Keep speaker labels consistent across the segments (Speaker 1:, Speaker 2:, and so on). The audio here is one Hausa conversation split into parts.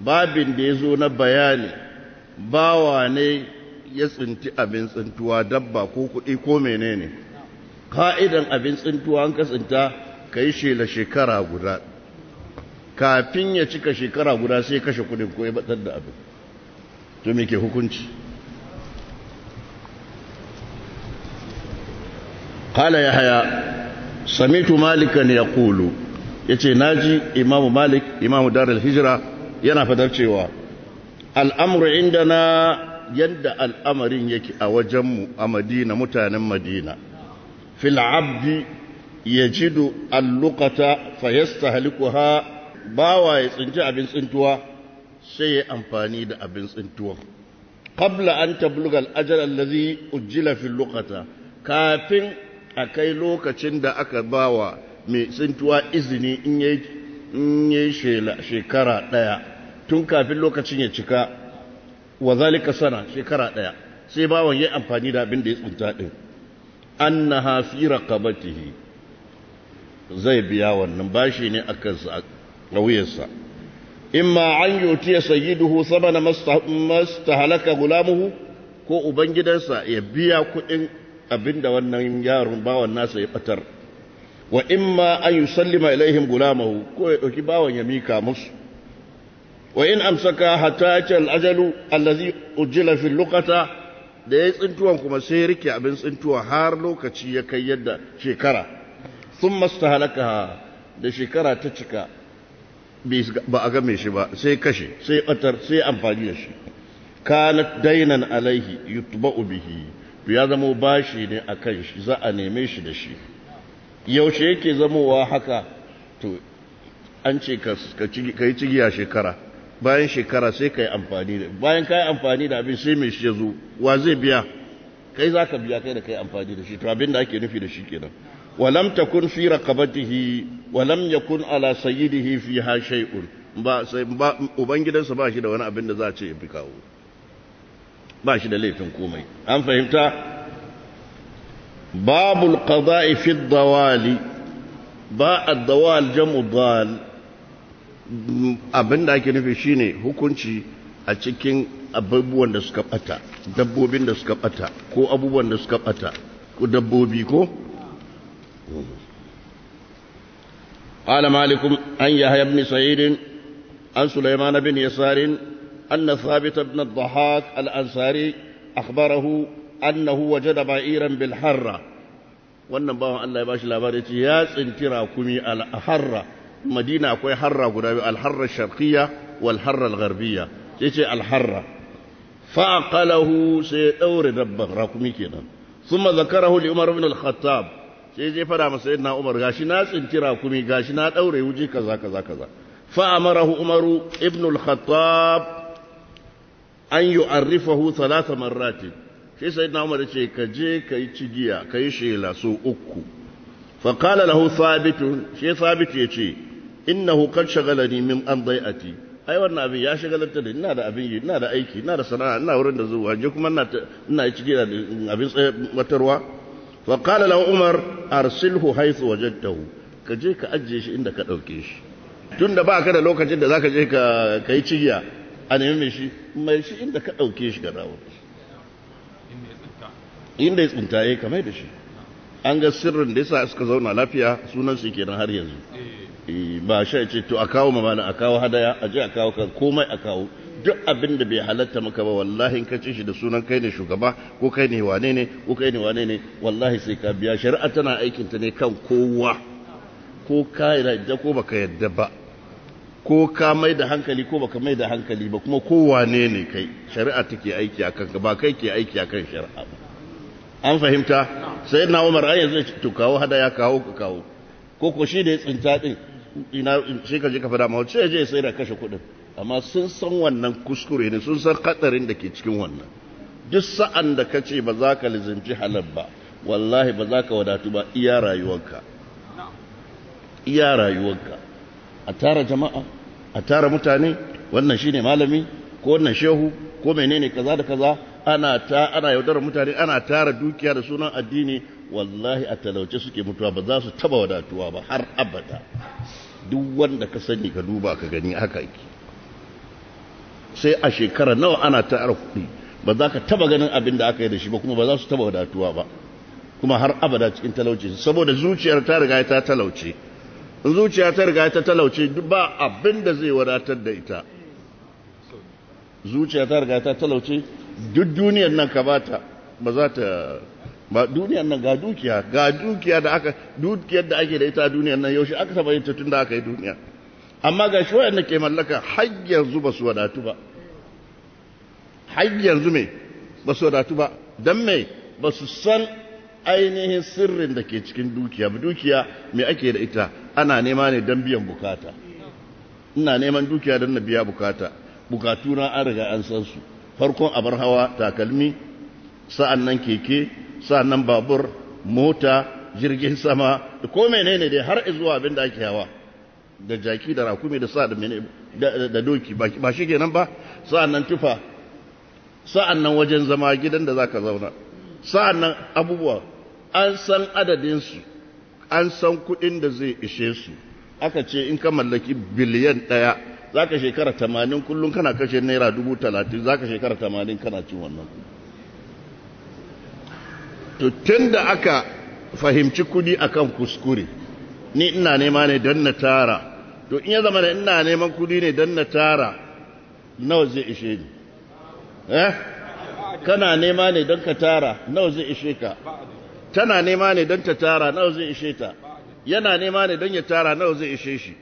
Speaker 1: babin da ya zo na bayani bawa ne ya tsinti abin tsintuwa dabba ko kuɗi ko menene ka'idan abin tsintuwa an ka tsinta ka yi shela shekara guda kafin ya cika shekara guda sai kashe kuɗin ko ya batar da abin to me ke hukunci قال يحيى سمعت مالكا يقول يتي ناجي imamu malik imamu دار الهجرة yana fadar cewa al'amuru inda na yadda al'amarin yake a wajenmu a madina mutanen madina fil'abdi ya jido allukata fayasta ba wa ya tsinci abin tsintuwa sai ya amfani da abin tsintuwa Kabla an tablugal ajal allazi ujjila fil lokata kafin a kai lokacin da aka ba wa mai tsintuwa izini in yi shekara ɗaya tun kafin lokacin ya cika wa zalika sana shekara ɗaya sai bawan ya amfani da abin da ya tsinta ɗin annaha fi raqabatihi zai biya wannan bashi ne a kansa a ya imma an yutiya sayyiduhu sabana mastahalaka gulamuhu ko ubangidansa ya biya kuɗin abinda wannan yaron bawan nasa ya batar wa imma an yusallima ilaihim gulamuhu ko ya ɗauki bawan ya mika musu وإن أمسك حتى يأتي الأجل الذي أجل في اللغة da ya tsintuwan kuma sai rike abin tsintuwa har lokaci ya kai yadda shekara sun masta halaka da shekara ta cika ba a game shi ba sai kashe sai batar sai amfani da shi kanat dainan alaihi yutba'u bihi ya zamo bashi ne a kan shi za a neme shi da shi yaushe yake zamowa haka to an ce ka yi cigiya shekara bayan shekara sai ka yi amfani da bayan ka yi amfani da abin sai mai shi ya zo wa zai biya kai za ka biya kai da kai amfani da shi to abin da ake nufi da shi kenan walam takun fi raqabatihi walam yakun ala sayyidihi fiha shay'un ba sai ba ubangidansa ba shi da wani abin da za a ce ya bi kawo ba shi da laifin komai an fahimta babul qada'i fi dawali ba ad-dawal jam'u dal abin da ake nufi shine hukunci a cikin abubuwan da suka bata dabbobin da suka bata ko abubuwan da suka bata ko dabbobi ko قال مالك عن يحيى بن سعيد عن سليمان بن يسار أن ثابت بن الضحاك الأنصاري أخبره أنه وجد بعيرا بالحرة wannan bawan Allah ya bashi labari ce ya tsinti rakumi al-harra madina akwai harra guda biyu alharra sharqiyya wal harra algharbiyya sai ce alharra fa aqalahu sai ya daure dabban rakumi kenan thumma zakarahu li umar ibn al-khattab sai je fara masa sayyidina umar gashi na tsinci rakumi gashi na daure wuji kaza kaza kaza fa amarahu umar ibn al-khattab an yu'arrifahu thalath marrat sai sayyidina umar ce ka je ka kai cigiya yi shela so uku fa qala lahu thabit shi thabit yace innahu shagala shagalani min an dai'ati ai wannan abin ya ta da ina da abin yi ina da aiki ina da sana'a ina wurin da zuwa je kuma ina ina cike da abin watarwa wa qala lahu umar arsilhu haythu wajadtahu ka je ka ajiye shi inda ka dauke shi da ba ka da lokacin da zaka je ka kai cigiya a nemi shi mai shi inda ka dauke shi ga dawo inda ya tsinta yi eh, kamar da shi an ga sirrin da yasa suka zauna lafiya sunan su kenan har yanzu eh. E, ba shi ce to a kawo ma mamana a kawo hadaya a je a kawo kan komai a kawo duk abin da bai halatta maka ba wallahi ka ci shi da sunan kai ne shugaba ko kai ne wane ne ko kai ne wane ne wallahi sai ka biya shari'a tana aikin ta ne kan kowa ko ka yarda ko baka yarda ba ko ka mai da hankali ko baka mai da hankali ba kuma wane ne kai shari'a take aiki a ka ba kai ke aiki a kan shari'a ba an fahimta sai na umar ai yanzu to kawo hadaya kawo ka kawo ko ko shi da ya tsinta din ina ce ka je ka fada ma sai je sai da kashe kuɗin amma sun san wannan kuskure ne sun san katsarin da ke cikin wannan duk sa'an da ka ce ba za ka lizimci halal ba wallahi ba za ka wadatu ba iya rayuwarka iya rayuwarka a tara jama'a a tara mutane wannan shine malami ko wannan shehu ko menene kaza da kaza ana ta ana yaudarar mutane ana tara dukiya da sunan addini wallahi a talauce suke mutuwa ba za su taba wadatuwa ba har abada duk wanda ka sani ka duba ka gani haka yake sai a shekara nawa ana ta kuɗi ba za ka taba ganin abin da aka yi da shi ba kuma ba za su taba wadatuwa ba kuma har abada cikin talauci saboda zuciyar ta riga ta talauce zuciya ta riga ta talauce ba abin da zai wadatar da ita zuciya ta riga ta talauce duk duniyar nan ka bata ba za ta ba duniyar nan ga dukiya ga dukiya da aka dukiyar da ake da ita duniyar nan yaushe aka saba yin ta tun da aka yi duniya amma ga shi wayanda ke mallaka har yanzu ba su wadatu ba har yanzu me ba su wadatu ba dan me ba su san ainihin sirrin da ke cikin dukiya ba dukiya me ake da ita ana nema ne dan biyan bukata ina neman dukiya dan na biya bukata bukatuna an riga an san su farkon abar hawa takalmi sa'an nan keke sannan babur mota jirgin sama da ko menene dai har zuwa abin da ake hawa da jaki da rakumi da sa da doki ba shi kenan ba sa'annan tufa sa'annan wajen zama gidan da zaka zauna sa'annan abubuwa an san adadin su an san kuɗin da zai ishe su aka ce in ka mallaki biliyan ɗaya zaka shekara tamanin kullum kana kashe naira dubu talatin zaka shekara tamanin kana cin wannan kuɗi to tunda aka fahimci kudi akan kuskure ni ina nema ne don na tara to in ya zama da ina neman kudi ne don na tara nawa zai ishe ni eh kana nema ne don ka tara nawa zai ishe ka tana nema ne don ta tara nawa zai ishe ta yana nema ne don ya tara nawa zai ishe shi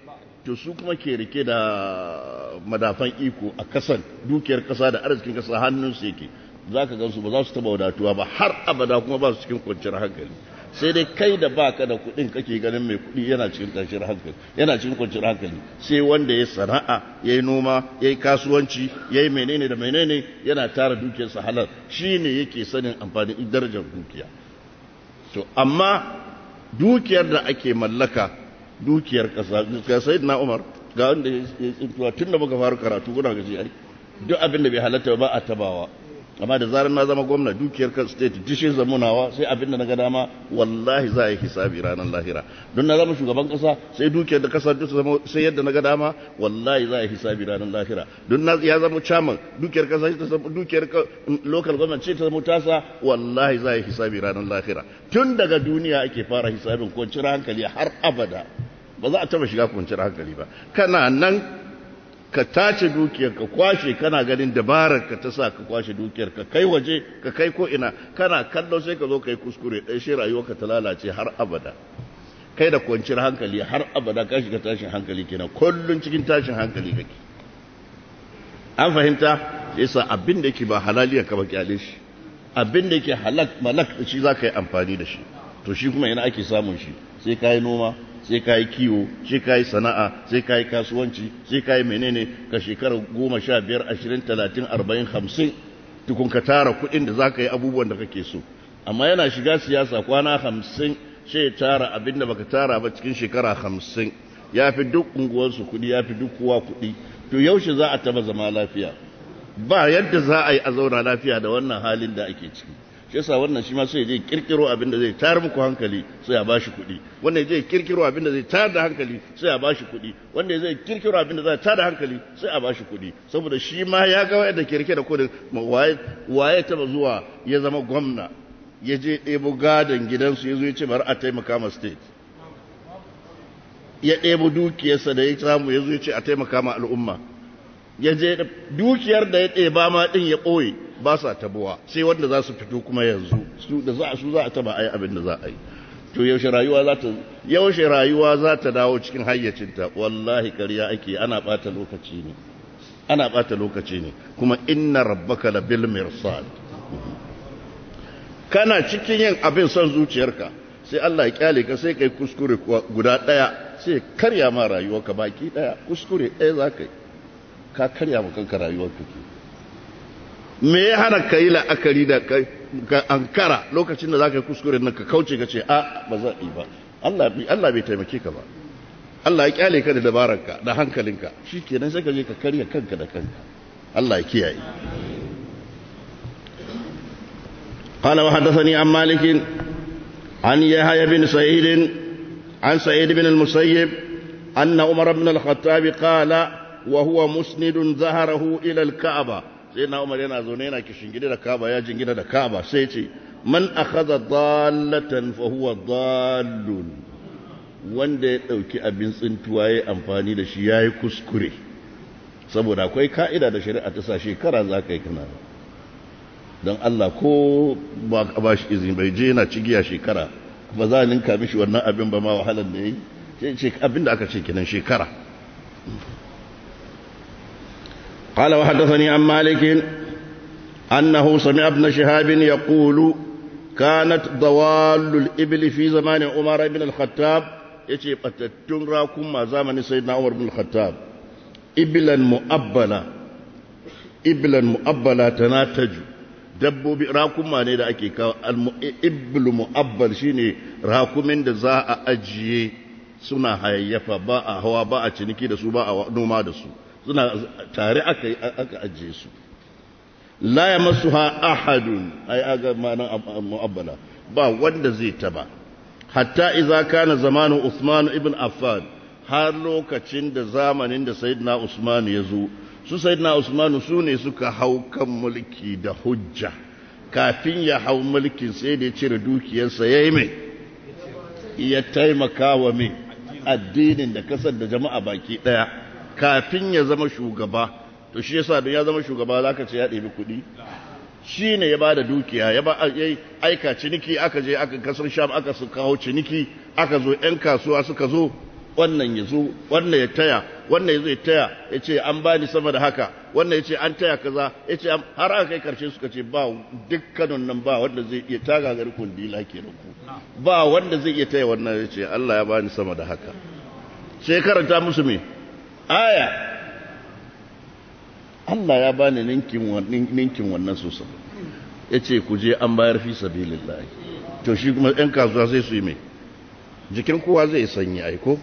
Speaker 1: to su kuma ke rike da madafan iko a kasan dukiyar kasa da arzikin kasa hannun su yake za ka su ba za su taba wadatuwa ba har abada kuma ba su cikin kwanciyar hankali sai dai kai da ba ka da kuɗin kake ganin mai kuɗi yana cikin kwanciyar hankali yana cikin kwanciyar hankali sai wanda ya sana'a ya yi noma ya yi kasuwanci ya yi menene da menene yana tara dukiyarsa halal shi ne yake sanin amfanin darajar dukiya to amma dukiyar da ake mallaka dukiyar ƙasa sai na umar ga wanda ya tsintuwa tun da muka fara karatu kuna gaji duk abin da bai halatta ba a tabawa amma da zarar na zama gwamna dukiyar kan state dishin zamunawa sai abin da na ga dama wallahi za a yi hisabi ranar lahira don na zama shugaban kasa sai dukiyar da kasa duk zama sai yadda na ga dama wallahi za a yi hisabi ranar lahira don na ya zama chairman dukiyar kasa ta zama dukiyar local government ce ta zama tasa wallahi za a yi hisabi ranar lahira tun daga duniya ake fara hisabin kwanciyar hankali har abada ba za a taba shiga kwanciyar hankali ba kana nan ka tace dukiyar ka kwashe kana ganin dabarar ka ta sa ka kwashe dukiyar ka kai waje ka kai ko ina kana kallo sai ka zo kai kuskure dai shi ka ta lalace har abada kai da kwanciyar hankali har abada ka shiga tashin hankali kenan kullun cikin tashin hankali kake an fahimta yasa abin da yake ba halaliya ka ba kyale shi abin da yake halak malak shi zaka yi amfani da shi to shi kuma ina ake samun shi sai ka yi noma sai ka yi kiwo sai ka yi sana'a sai ka yi kasuwanci sai ka yi menene ka shekara goma sha biyar ashirin talatin arba'in hamsin tukun ka tara kuɗin da za ka yi abubuwan da kake so amma yana shiga siyasa kwana hamsin sai tara abin da baka tara ba cikin shekara hamsin ya fi duk unguwarsu kuɗi ya fi duk kowa kuɗi to yaushe za a taba zama lafiya ba yadda za a yi a zauna lafiya da wannan halin da ake ciki yasa wannan shi ma sai zai kirkiro abin da zai tayar muku hankali sai ya bashi kuɗi wanda zai kirkiro abin da zai tayar da hankali sai ya bashi kuɗi wanda zai kirkiro abin da zai tayar da hankali sai a bashi kuɗi saboda shi ma ya ga wayar da kirke da kudin waye waye ta zuwa ya zama gwamna ya je ɗebo gadon gidansu ya zo ya ce bari a taimaka ma state ya ɗebo dukiyarsa da ya samu ya zo ya ce a taimaka ma al'umma ya je dukiyar da ya ɗeba ma ɗin ya ɓoye ba sa tabuwa sai wanda za su fito kuma yanzu su da za su za a taba ai abin da za a yi to yaushe rayuwa za ta yaushe rayuwa za ta dawo cikin hayyacinta wallahi ƙarya ake ana bata lokaci ne ana bata lokaci ne kuma inna rabbaka la bil mirsad kana cikin yin abin son zuciyarka sai Allah ya kyale ka sai kai kuskure guda ɗaya sai karya ma rayuwarka baki daya kuskure ɗaya za ka yi ka karya ma kanka rayuwarka me ya hana ka yi la'akari da ka ankara lokacin da za ka yi kuskure nan ka kauce ka ce a ba za ba Allah bai taimake ka ba Allah ya kyale ka da dabararka da hankalinka shi kenan sai ka je ka karya kanka da kanka Allah ya kiyaye قال وحدثني عن مالك عن يحيى بن سعيد عن سعيد بن المسيب أن عمر بن الخطاب قال وهو مسند ظهره إلى الكعبة sai na umar yana zaune yana kishingide da kaba ya jingina da kaba sai ce man akhadha dallatan fa huwa dallun wanda ya dauki abin tsintuwa ya amfani da shi yayi kuskure saboda akwai ka'ida da shari'a ta sa shekara za ka yi kana don Allah ko ba ka ba shi izini bai je yana cigiya shekara ba za a ninka mishi wannan abin ba ma wahalar da ya yi ce abin da aka ce kenan shekara قال وحدثني عن مالك أنه سمع ابن شهاب يقول كانت ضوال الإبل في زمان عمر بن الخطاب يتي قتتون ما زمن سيدنا عمر بن الخطاب إبلا مؤبلا إبلا مؤبلا تناتج دبو براكم ما نيدا أكيكا إبل مؤبل شيني راكم من زاء أجي سنة هيفا باء هو باء تنكي دسو باء نوما دسو suna tare aka aka ajiye su la yamassuha ahadun ai aga ma'anan mu'abbala ba wanda zai taba hatta idza kana zamanin Usman ibn Affan har lokacin da zamanin da Sayyidina Usman ya zo su Sayyidina Usman su ne suka hau kan mulki da hujja kafin ya hau mulkin sai da ya cire dukiyarsa ya yi mai ya taimaka wa mai addinin da kasar da jama'a baki ɗaya kafin ya zama shugaba to shi yasa don ya zama shugaba zaka ce ya ɗebi kuɗi shi ne ya bada dukiya ya ba aika ciniki aka je aka kasar sham aka su kawo ciniki aka zo yan kasuwa suka zo wannan ya zo wannan ya taya wannan ya zo ya taya ya ce an bani sama da haka wannan ya ce an taya kaza ya ce har aka kai karshe suka ce ba dukkanin nan ba wanda zai iya taga gari kundila ke ku ba wanda zai iya taya wannan ya ce Allah ya bani sama da haka sai karanta musu me aya Allah ya bani ninkin wannan su ya ce ku je an bayar fi sabilillahi to shi kuma 'yan kasuwa sai su yi mai jikin kowa zai sanyi aiko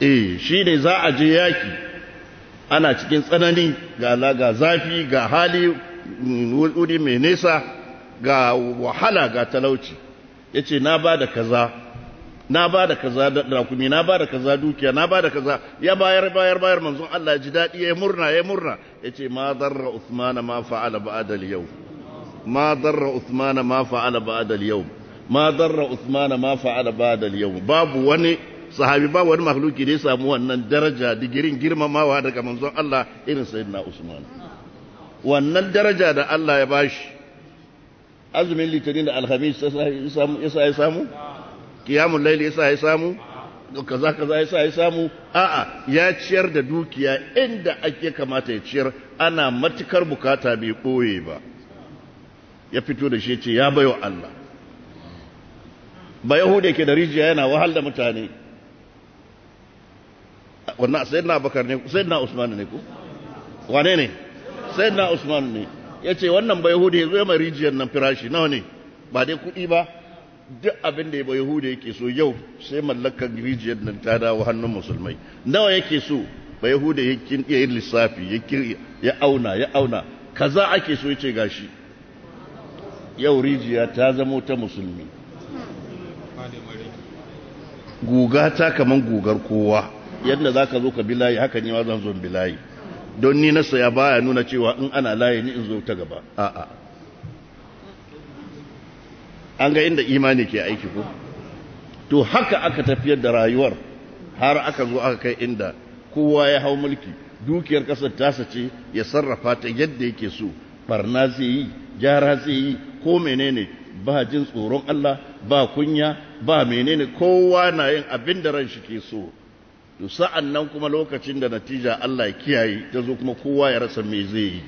Speaker 1: eh shi ne za a je yaki ana cikin tsanani ga laga zafi ga hali wuri mai nesa ga wahala ga talauci ya ce na ba da kaza na ba da kaza dakumi na ba da kaza dukiya na ba da kaza ya bayar bayar bayar manzon Allah ji daɗi ya murna ya murna ya ce ma darra usmana ma fa'ala ba'da yau ma darra usmana ma fa'ala ba'da yau ma darra usmana ma fa'ala ba'da yau babu wani sahabi ba wani makhluki da ya samu wannan daraja digirin girmamawa daga manzon Allah irin sayyidina usman wannan daraja da Allah ya bashi azumin litinin da alhamis ya samu kiyamun laili yasa ya samu kaza kaza yasa ya samu a'a ya ciyar da dukiya inda ake kamata ya ciyar ana matukar bukata bai koye ba ya fito da shi ce ya baiwa Allah ba yahuda ke da rijiya yana wahal da mutane wannan sayyidina abakar ne sayyidina usman ne ko wane ne sayyidina usman ne yace wannan ba yahuda ya zo ya mai rijiyar nan firashi nawa ne ba dai kuɗi ba duk abin da ya yahuda yake so yau sai mallakar rijiyar nan ta dawo hannun musulmai nawa yake so ba yahuda yakin iya yin lissafi ya auna ya auna kaza ake so ya ce gashi yau rijiya ta zamo ta musulmi guga ta kaman gugar kowa yadda za ka zo ka bi layi hakan yawa zan zo bi layi don ni na saya baya nuna cewa in ana layi ni in zo ta gaba a'a an ga inda imani ke aiki ko to haka aka tafiyar da rayuwar har aka zo aka kai inda kowa ya hau mulki dukiyar kasar tasa ce ya sarrafa ta yadda yake so barna zai yi gyara zai yi ko menene ba jin tsoron Allah ba kunya ba menene kowa na yin abin da ran shi ke so to sa'an nan kuma lokacin da natija Allah ya kiyaye ta zo kuma kowa ya rasa me zai yi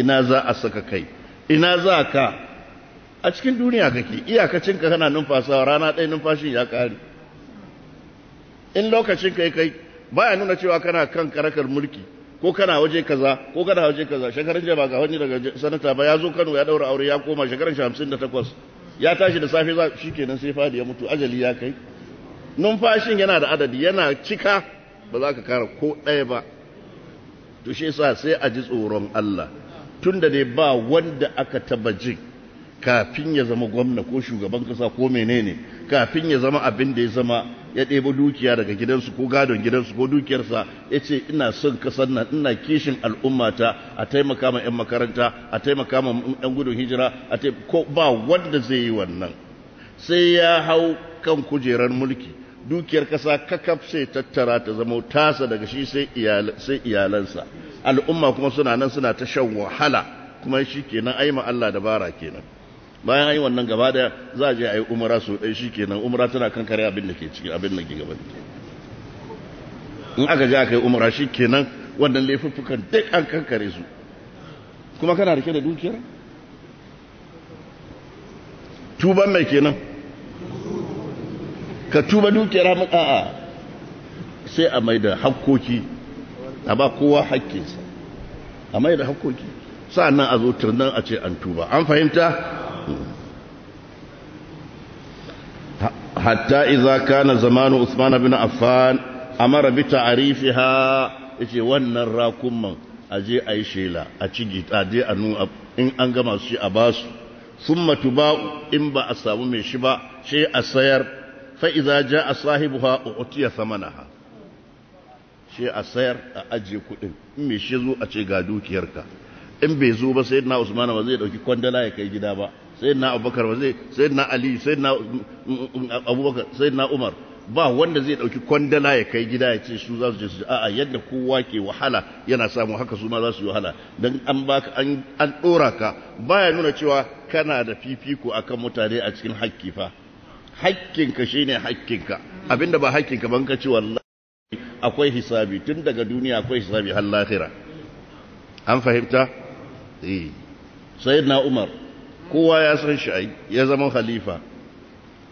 Speaker 1: ina za a saka kai ina za ka a cikin duniya kake iyakacinka kana numfasawa rana ɗaya numfashin ya ƙare in lokacin kai kai baya nuna cewa kana kan karakar mulki ko kana waje kaza ko kana waje kaza shekarun jama ga wani daga sanata ba ya zo Kano ya ɗaura aure ya koma shekarun takwas ya tashi da safe za shi kenan sai fadi ya mutu ajali ya kai numfashin yana da adadi yana cika ba za ka kara ko ɗaya ba to shi sa sai a ji tsoron Allah tunda dai ba wanda aka taba jin kafin ya zama gwamna ko shugaban kasa ko menene kafin ya zama abin da ya zama ya ɗebo dukiya daga gidansu ko gadon gidansu ko dukiyarsa ya ce ina son kasar nan ina kishin al'ummata a taimaka ma 'yan makaranta a taimaka ma 'yan gudun hijira a ko ba wanda zai yi wannan sai ya hau kan kujerar mulki dukiyar kasa kakaf sai tattara ta zama tasa daga shi sai iyalansa al'umma kuma suna nan suna ta shan wahala kuma shi kenan ma Allah dabara kenan bayan ayi wannan gaba da za a je a yi umara su ɗai shi kenan umara tana kan kare abin da ke ciki abin da ke gaba da ke in aka je aka yi umara shi kenan wannan laifuffukan duk an kankare su kuma kana rike da dukiyar tuban mai kenan ka tuba dukiyar hamu a'a sai a mai da hakkoki a ba kowa hakkinsa a mai da hakkoki sa'annan a zo turnan a ce an tuba an fahimta hatta iza kana zamanu Usman bin Affan amara bi ta'rifiha yace wannan rakumman aje ayi shela a a je a nu in an gama su a basu thumma tuba in ba a samu mai shi ba sai a sayar fa iza jaa sahibuha utiya thamanaha sai a sayar a aje kudin in mai shi zo a ce ga dukiyarka in bai zo ba sayyidina Usman ba zai dauki kwandala ya kai gida ba na abubakar ba zai na ali na mm, mm, mm, abubakar na umar ba wanda zai dauki kwandala ya kai gida ya ce su za su je su a'a yadda kowa ke wahala yana samu haka su ma za su yi wahala dan an baka an an dora ka baya nuna cewa kana da fifiko akan mutane a cikin hakki fa hakkinka shine hakkinka abinda ba hakkinka ban ka ce wallahi akwai hisabi tun daga duniya akwai hisabi har lahira an fahimta eh sayyidina umar kowa ya san shi ai ya zama khalifa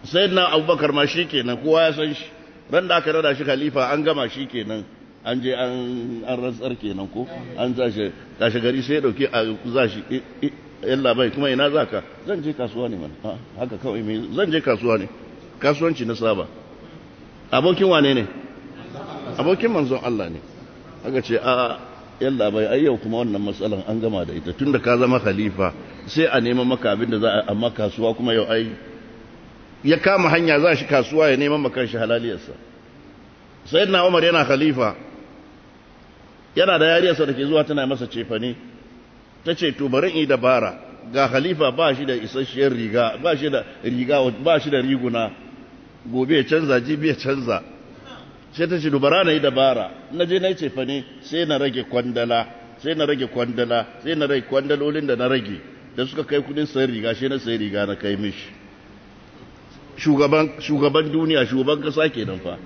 Speaker 1: sayyidina abubakar ma shi kenan kowa ya san shi ran da aka rada shi khalifa an gama shi kenan an je an an rantsar kenan ko an zashi tashi gari sai ya dauki a zashi yalla bai kuma ina zaka zan je kasuwa ne man haka kawai mai zan je kasuwa ne kasuwanci na saba abokin wane ne abokin manzon Allah ne haka ce a yalla bai ai yau kuma wannan matsalan an gama da ita tunda ka zama khalifa sai a neman maka abin da za a amma kasuwa kuma yau ai ya kama hanya za shi kasuwa ya neman maka shi halaliyarsa sayyidina Umar yana khalifa yana da yariyarsa da ke zuwa tana masa cefane ta ce to bari in dabara ga khalifa ba shi da isasshiyar riga ba shi da riga ba shi da riguna gobe ya canza jibi ya canza sai ta ce dubara na yi dabara na je na yi cefa ne sai na rage kwandala sai na rage kwandala sai na rage kwandalolin da na rage da suka kai kudin sayar riga sai na sayar riga na kai mishi shugaban duniya shugaban kasa ke nan fa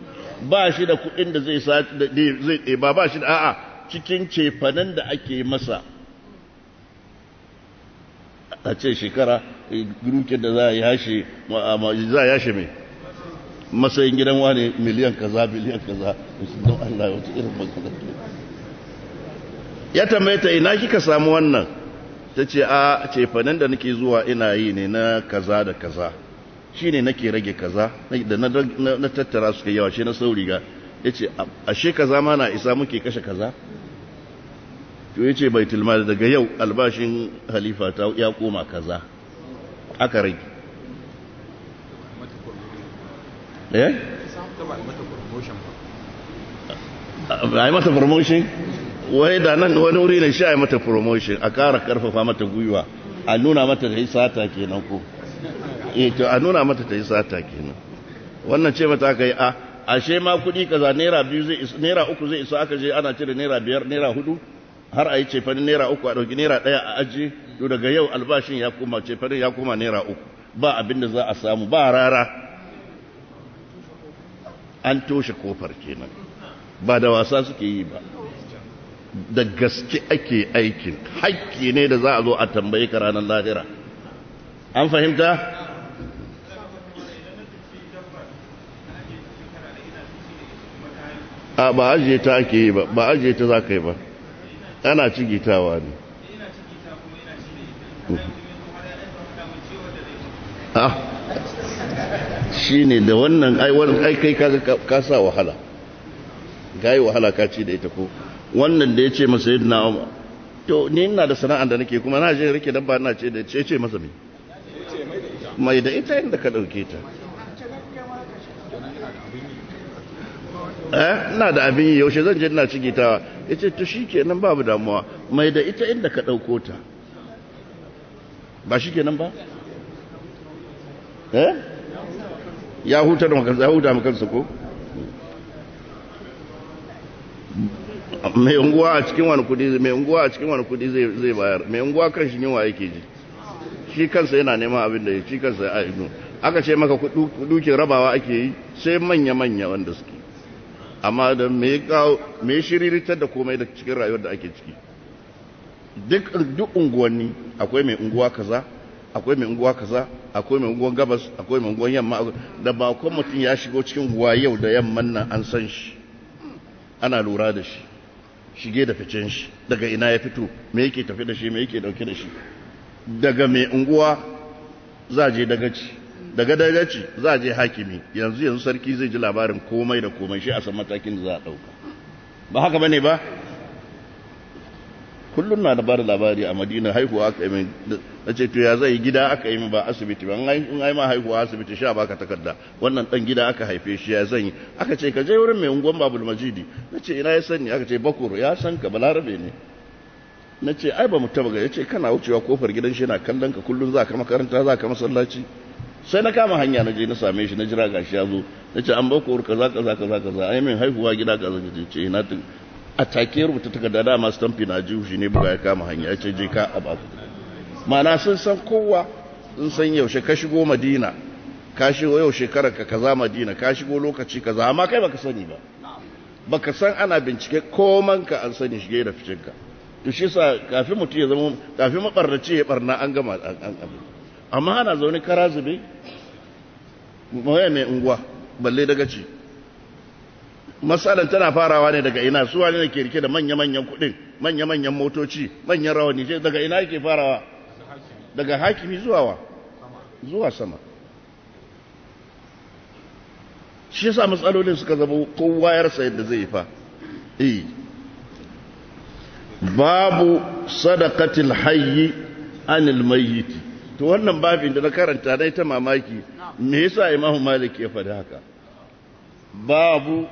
Speaker 1: ba shi da kudin da zai zai ba ba shi da a'a cikin cefanen da ake masa a ce shekara dukin eh, da za a yashe za a yashe mai Masayin gidan wane miliyan kaza biliyan kaza don Allah wata irin magana ya tambaye ta ina kika samu wannan ta ce a ce fanin da nake zuwa ina yi ne na kaza da kaza shi ne nake rage kaza da na tattara suka yawa shi na sauriga ya ce ashe kaza ma na isa muke kashe kaza to ya ce bai tilma daga yau albashin halifa ta ya koma kaza aka rage eh a yi mata promotion wai da nan wani wuri ne shi a yi mata promotion a kara karfafa mata gwiwa a nuna mata ta yi sata kenan ko eh to a nuna mata ta yi sata kenan wannan ce mata aka yi a ah, ashe ma kuɗi kaza naira biyu zai isa naira uku zai isa aka je ana cire naira biyar naira hudu har a yi cefani naira uku a ɗauki naira ɗaya a aji to daga yau albashin ya koma cefanin ya koma naira uku ba abin da za a samu ba rara an toshe kofar kenan ba da wasa suke yi ba da gaske ake aikin haƙƙi ne da za a zo a tambayi ka ranar lahira an fahimta a ba ajiye ta ake yi ba ba ajiye ta za ka yi ba ana cigitawa ne ah Shi ne da wannan ai kai ka sa wahala ga yi wahala ka ci da ita ko wannan da ya ce masa yadda na to ni ina da sana'an da nake kuma na je rike ba na ce da ce ce masa mai mai da ita yadda ka dauke ta eh ina da abin yi yaushe zan je ina ya ce to shi ke nan babu damuwa mai da ita inda ka dauko ta ba shi ke nan ba eh ya huta da makarsa ya huta makarsa ko mai unguwa a cikin wani kudi mai unguwa a cikin wani kudi zai bayar mai unguwa kan shi yawa yake ji shi kansa yana neman abin da ya ci kansa a inu aka ce maka duke rabawa ake yi sai manya-manya wanda suke amma da mai shiriritar da komai da cikin rayuwar da ake ciki duk unguwanni akwai mai unguwa kaza akwai mai unguwa kaza akwai mai unguwan gabas akwai mai unguwan yamma da ba kuma mutum ya shigo cikin guwa yau da yamman nan an san shi ana lura da shi shige da ficen shi daga ina ya fito me yake tafi da shi me yake dauke da shi daga mai unguwa za je dagaci daga dagaci za je hakimi yanzu yanzu sarki zai ji labarin komai da komai shi a san matakin da za a dauka ba haka bane ba kullum na ba da labari a madina haihuwa aka yi min na ce to ya zai gida aka yi min ba asibiti ba in ai ma haihuwa asibiti sha baka takarda wannan dan gida aka haife shi ya zan yi aka ce ka je wurin mai unguwan babul majidi na ce ina ya sani aka ce bakur ya san ka balarabe ne na ce ai ba mu taba ga ya ce kana wucewa kofar gidan shi na kallon ka kullum za ka makaranta za ka masallaci sai na kama hanya na je na same shi na jira gashi ya zo na ce an bakur kaza kaza kaza kaza ai min haihuwa gida kaza ce ina a take rubuta takarda dama tamfi na ji shi ne buga ya kama hanya ya ce je ka a baku mana sun san kowa sun san yaushe ka shigo madina ka shigo yau shekarar ka kaza madina ka shigo lokaci kaza amma kai baka sani ba baka san ana bincike koman ka an sani shige da ficin ka to shi sa kafin mutum ya zama kafin mabarnaci ya barna an gama an abu amma ana zaune kara zube mai unguwa balle daga ci matsalan tana farawa ne daga ina suwa ne ke rike da manya-manyan kudin manya-manyan motoci manyan rawani ce daga ina yake farawa daga hakimi zuwa wa zuwa sama shi yasa matsalolin suka zama kowa ya rasa yadda zai fa eh babu sadaqatil hayyi anil mayyit to wannan babin da na karanta dai ta mamaki me yasa imamu malik ya faɗi haka babu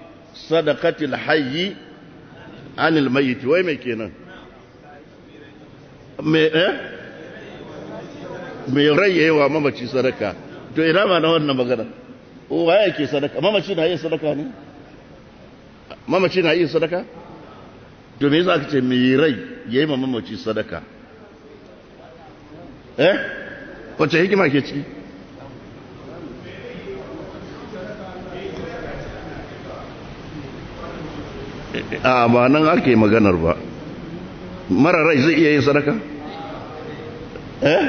Speaker 1: sadaqatil hayyi anil mayyit wai mai kenan mai eh me rayyewa mamaci sadaka to ina ma na wannan magana wa yake sadaka mamaci na yin sadaka ne mamaci na yin sadaka to me yasa kace mai rai yayi ma mamaci sadaka eh wace hikima ke ciki a ba nan ake maganar ba mara rai zai iya yin sadaka eh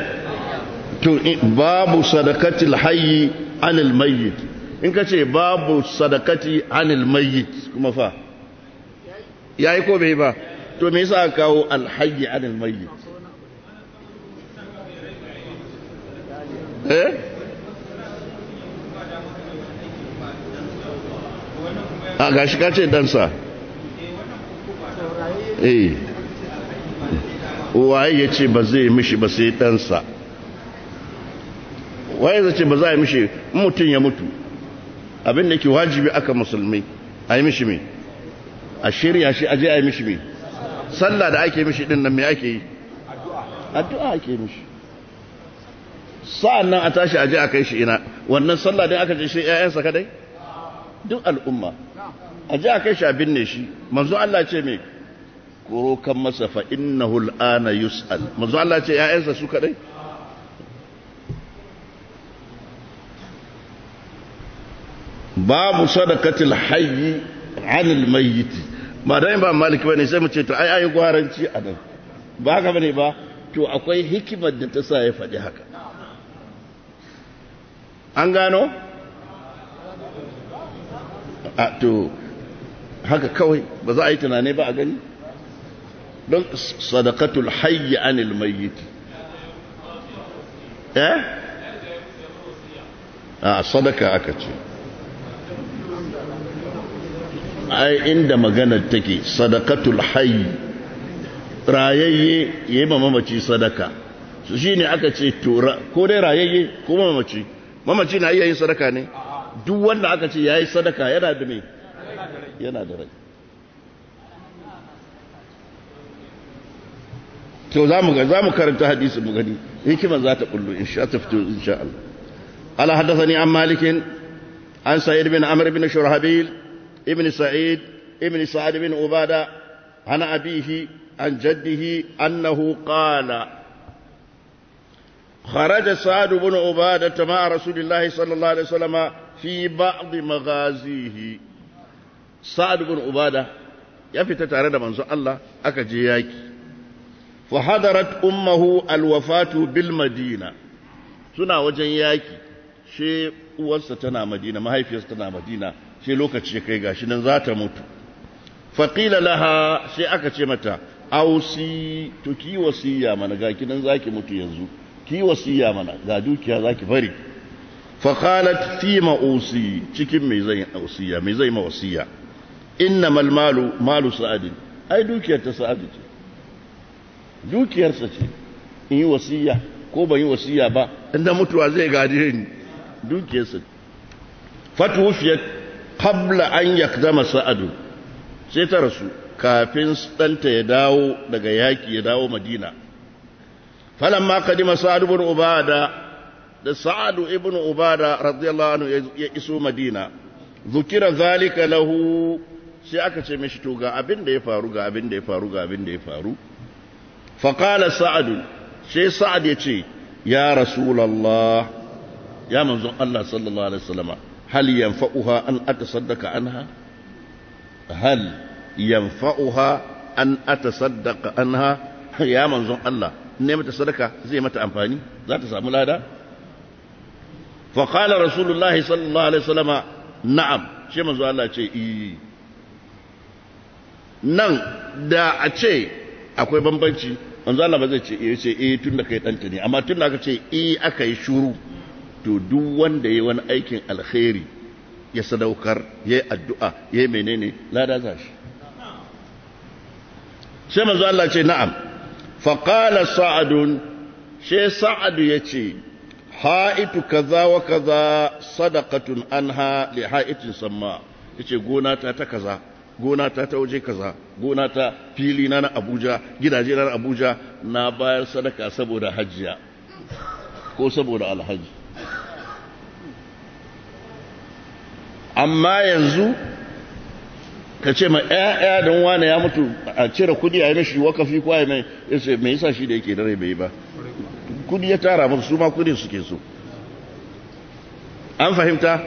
Speaker 1: to babu sadakati alhayi anil mayyit in ka ce babu sadakati anil mayyit kuma fa yi ko bai ba to me yasa kawo alhayi anil mayyit eh a gashi ka ce dansa eh waye ya ce ba zai mishi ba sai ɗansa waye zai ce ba za a yi mishi mutum ya mutu abin da ke wajibi aka musulmi a yi mishi mai a shirya shi aje a yi mishi mai sallah da ake mishi ɗin nan mai ake yi addu'a ake mishi sa'an nan a tashi aje a kai shi ina wannan sallah din aka ce shi ‘ya'yansa kadai duk al'umma aje a kai shi a binne shi manzo Allah ce mai kan masa fa innahu al'ana yus'al manzo Allah ce 'ya'yansa su kadai babu sadakatil hayyi anil mayyiti ba dai ba maliki bane sai mu ce to ai ai gwaranci a nan ba ka bane ba to akwai hikimar da ta sa ya faɗi haka an gano a to haka kawai ba za a yi tunani ba a gani don sadakatul hayyi anil mayyiti eh a sadaka aka ce ai inda maganar take sadakatul hayyi rayayye yayi ma mamaci sadaka su shine aka ce tura ko dai rayayye ko mamaci mamaci na iya yin sadaka ne duk wanda aka ce yayi sadaka yana da me yana da rai to za mu za mu karanta hadisi mu gani hikimar za ta kullu insha ta fito insha Allah ala hadathani an malikin an sa'id bin amr bin shurhabil ibn sa'id ibn sa'ad bin ubada ana abihi an jaddihi annahu qala خرج سعد بن عبادة مع رسول الله صلى الله عليه وسلم في بعض مغازيه سعد بن عبادة يفتت على منزو الله أكجياكي fahadarat ummahu alwafatu bil madina suna wajen yaki she uwarsa tana madina mahaifiyarsa tana madina she lokaci ya kai gashi nan za mutu faqila laha she aka ce mata ausi to ki wasiya mana ga kinan mutu yanzu ki wasiya mana ga dukiya zaki bari فقالت فيما أوصي cikin mai zai ausiya mai zai mawasiya innamal malu malu sa'adin ai dukiyar ta ce dukiyarsa ce in yi wasiya ko ban yi wasiya ba inda mutuwa zai gadi ni dukiyarsa fatuwufiyat kabla an yakdama sa'adu sai ta rasu kafin ɗanta ya dawo daga yaki ya dawo madina falamma kadima sa'adu bin ubada da sa'adu ibn ubada radiyallahu anhu ya iso madina zukira zalika lahu sai aka ce mishi to ga abin da ya faru ga abin da ya faru ga abin da ya faru faƙala sa'adun sai sa'ad ya ce ya rasulallah ya manzon Allah sallallahu alaihi wasallama hal yanfa'uha an atasaddaqa anha hal yanfa'uha an atasaddaqa anha ya manzon Allah ne mata sadaka zai mata amfani za ta samu lada faƙala rasulullahi sallallahu alaihi wasallama na'am shi manzon Allah ce i nan da a ce akwai bambanci manzo Allah ba zai ce iya ce eh tunda kai danta ne amma tunda aka ce eh aka yi shuru to duk wanda yayi wani aikin alkhairi ya sadaukar ya yi addu'a ya yi menene lada za shi sai manzo Allah ce na'am fa qala sa'adun she sa'adu ce, ha'itu kaza wa kaza sadaqatun anha li ha'itin samma yace gona ta ta kaza gona ta ta waje kaza gona ta fili na na abuja gidaje na abuja na bayar sadaka saboda hajjiya ko saboda alhaji amma yanzu ka ce ma ‘ya'ya don wane ya mutu a cire kudi a yi mashi wakafi ko a mai mai yasa shi da yake da rai bai ba kudi ya tara masu su ma kudi suke so an fahimta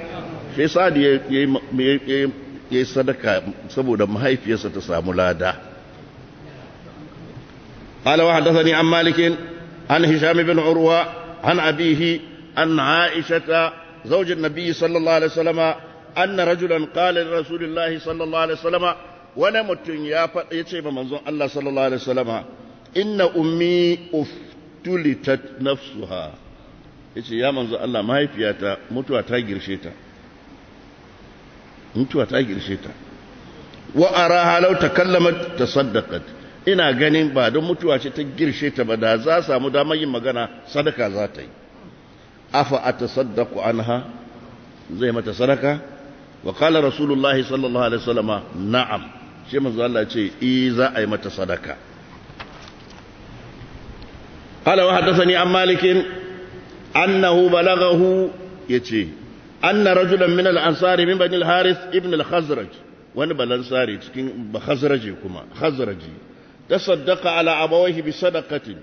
Speaker 1: sai sa'adu ya yi ya sadaka saboda mahaifiyarsa ta samu lada qalawa haddathani an malikin an hisham ibn urwa an abihi an aishata zawjin nabiyyi sallallahu alaihi wasallama anna rajulan qala li rasulillahi sallallahu alaihi wasallama wani mutum ya ce ba manzon Allah sallallahu alaihi wasallama inna ummi uftulitat nafsuha yace ya manzon Allah mahaifiyata mutuwa ta girshe ta mutuwa ta girshe ta wa ta kallama ta sadaka ina ganin ba don mutuwa ce ta girshe ta ba da za samu damar yin magana sadaka za ta yi afa a ta an ha zai mata sadaka wa kala rasulullahi sallallahu alaihi wasallama na'am shi mazu Allah ce eh za a yi mata sadaka قال وحدثني عن مالك أنه بلغه يتي anna rajulan min al-ansari min bani al-haris ibn al-khazraj wani balansari cikin khazraji kuma khazraji tasaddaqa ala abawayhi bi sadaqatin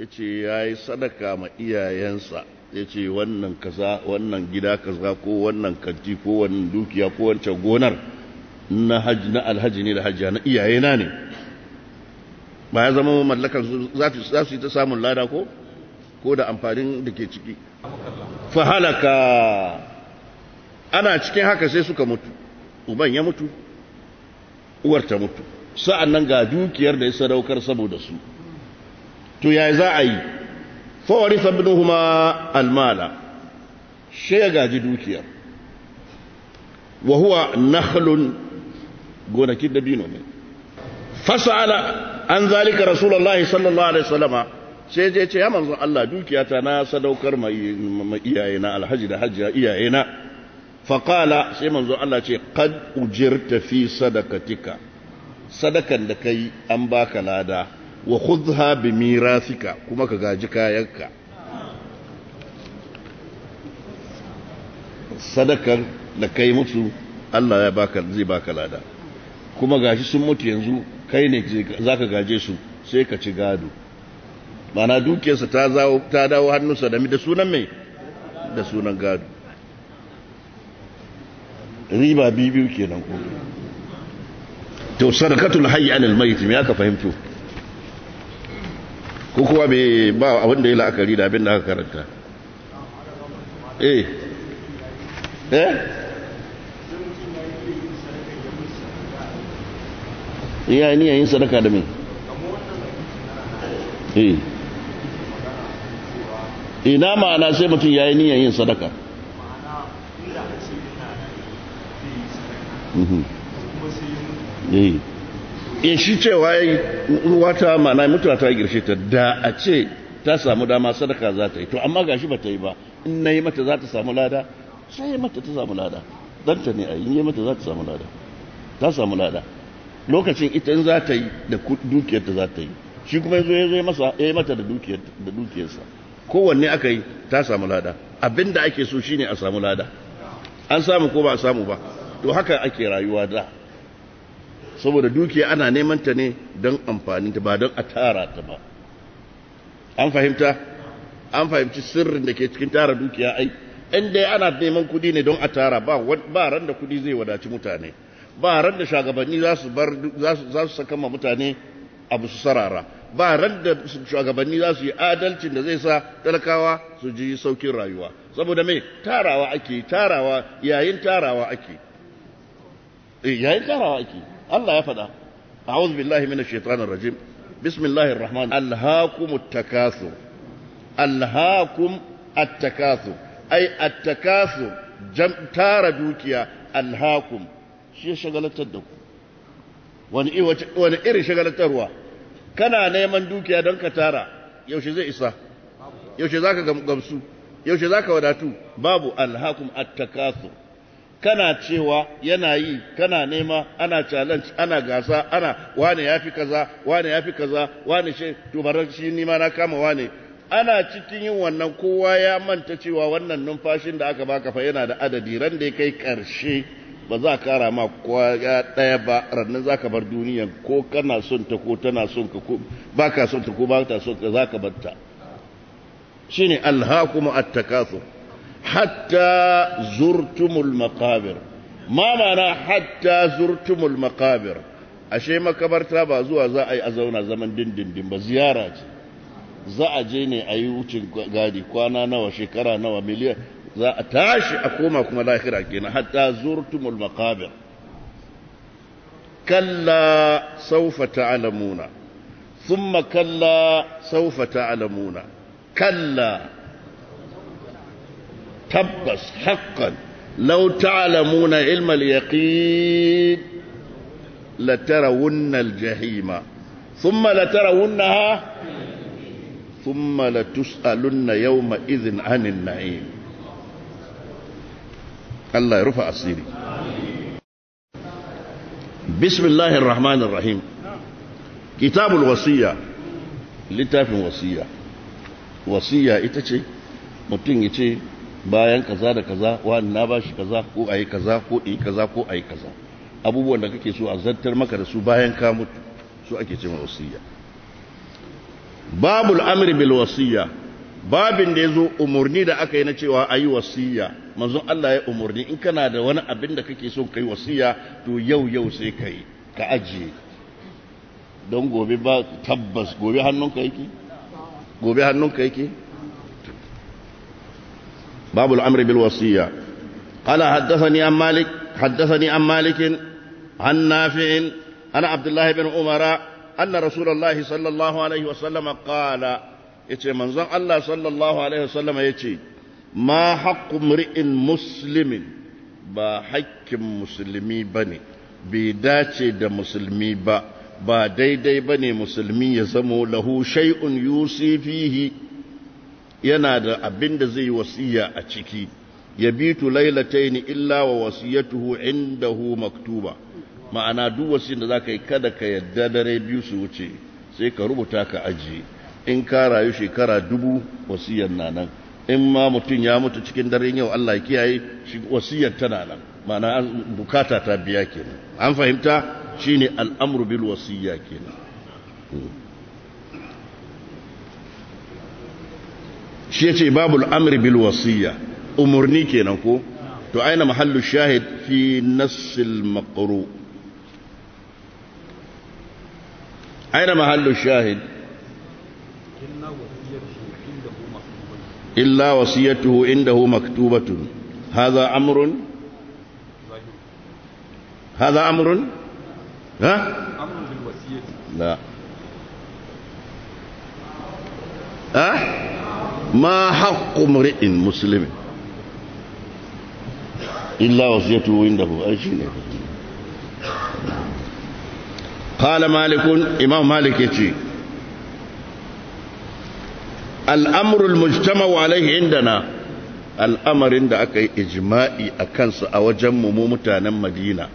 Speaker 1: yace yayi sadaka ma iyayensa yace wannan kaza wannan gida kaza ko wannan kanti ko wannan dukiya ko wancan gonar na na alhaji ne da hajjiya na iyayena ne ba ya zama mallakar za su yi ta samun lada ko ko da amfanin da ke ciki fa ana cikin haka sai suka mutu uban ya mutu uwar ta mutu sa'an nan ga dukiyar da ya sadaukar saboda su to ya za a yi fawari sabbin almala shi ya gaji dukiyar wa huwa nahlun gonakin dabino ne ala an zalika rasulullahi sallallahu alaihi wasallama sai je ce ya manzon Allah dukiyata na sadaukar mai iyaye na alhaji da Hajiya iyaye na faqala sai manzon Allah ce qad ujirta fi sadakatika sadakan da kai an baka lada wa khudha bi mirasika kuma ka gaji kayanka sadakan da kai mutu Allah ya baka zai baka lada kuma gashi sun mutu yanzu kai ne zaka gaje su sai ka ci gado mana dukiyarsa ta zawo ta dawo hannunsa da da sunan mai da sunan gado riba biyu kenan ko to sadaqatul hayy anil mayit me aka fahimto ko kuwa bai ba abin da ya la'akari da abin da aka karanta eh eh iya ni yayin sadaka da mai eh ina ma'ana sai mutum ya yi niyan yin sadaka in mhm. eh. eh, shi cewa yi wata ma'ana mutuwa ta girshe ta da a ce ta samu dama sadaka za ta yi to amma gashi ba ta yi ba in na yi mata za ta samu lada sai yi mata ta samu lada don ta ne a yi mata za ta samu lada ta samu lada lokacin ita in za ta yi da dukiyarta za ta yi shi kuma ya zo ya zo masa ya yi mata da dukiyarsa kowanne aka yi ta samu lada abinda ake so shine a samu lada an samu ko ba a samu ba to haka ake rayuwa da saboda dukiya ana neman ta ne don amfani ta ba don a tara ta ba an fahimta an fahimci sirrin da ke cikin tara dukiya ai inda ana neman kudi ne don a tara ba ba ran da kudi zai wadaci mutane ba ran da shagabanni za su bar za su saka ma mutane abu su sarara ba radda shugabanni za su yi adalcin da zai sa talakawa su ji saukin rayuwa saboda mai tarawa ake tarawa yayin tarawa ake eh, yayin tarawa ake Allah ya faɗa a'udhu billahi minash shaitanir rajim bismillahir rahman alhaakum at-takathur alhaakum at-takathur ai at jam tara dukiya alhaakum shi shagalatar da ku wani irin shagalatarwa kana neman dukiya don ka tara yaushe zai isa yaushe za ka gamsu yaushe za ka wadatu babu alhakum attakasu kana cewa yana yi kana nema ana challenge ana gasa ana wane ya fi kaza wane ya fi kaza wane shi to barar shi ni ma na kama wane ana cikin yin wannan kowa ya manta cewa wannan numfashin da aka baka fa yana da adadi ran da kai ƙarshe. ba za ka kara ma kwaya ɗaya ba rannan za ka bar duniyan ko kana son ta ko tana son ka ko ba ka son ta ko ba ta son ka za ka bar ta shi ne alhakuma attakasu hatta zurtumul makabir ma mana hatta zurtumul makabir ashe makabarta ba zuwa za a yi a zauna zaman dindindin ba ziyara ce za a je ne a yi wucin gadi kwana nawa shekara nawa miliyan za a tashi a حتى زرتم المقابر كلا سوف تعلمون ثم كلا سوف تعلمون كلا تبس حقا لو تعلمون علم اليقين لترون الجحيم ثم لترونها ثم لتسألن يومئذ عن النعيم Allah ya rufa asiri bismillahir rahmanir rahim kitabul wasiya littafin wasiya wasiya ita ce mutum ya ce bayan kaza da kaza wani na bashi kaza ko ayi kaza ko yi kaza ko ayi kaza abubuwan da kake so a zartar maka da su bayan ka mutu su ake cewa wasiya babul amri bil wasiya babin da ya zo umarni da aka yi na cewa a yi wasiya manzon Allah ya umarni in kana da wani abin da kake son ka yi wasiya to yau yau sai ka yi ka ajiye don gobe ba tabbas gobe hannunka yake gobe hannunka yake babu al'amri bil wasiya qala haddathani an malik haddathani an malik an nafi'in ana abdullahi bin umara anna rasulullahi sallallahu alaihi wasallam qala yace manzon Allah sallallahu alaihi wasallam yace ma haqqu mri'in muslimin ba haƙƙin musulmi bane bai dace da musulmi ba ba daidai bane musulmi ya zamo lahu shay'un yusi fihi yana da abin da zai wasiya a ciki Ya bitu lailataini illa wa wasiyatuhu indahu maktuba ma'ana duk wasiyar da zaka yi kada ka yadda dare biyu su wuce sai ka rubuta ka ajiye in ka rayu shekara dubu wasiyar na nan in ma mutum ya mutu cikin daren yau Allah kiyaye shi wasiyar tana nan ma'ana bukata ta biya kenan an fahimta shine al'amru bil wasiyya kenan hmm. shi yace babul amri bil wasiyya umurni kenan ko to aina mahallu shahid fi nassil maqru aina mahallu shahid إلا وصيته عنده مكتوبة هذا أمر هذا أمر ها أمر بالوصية لا ها ما حق امرئ مسلم إلا وصيته عنده أجل قال مالك إمام مالك يتشيك الأمر المجتمع عليه عندنا الأمر عند أكي إجمائي أكنس أوجم ممتانا مدينة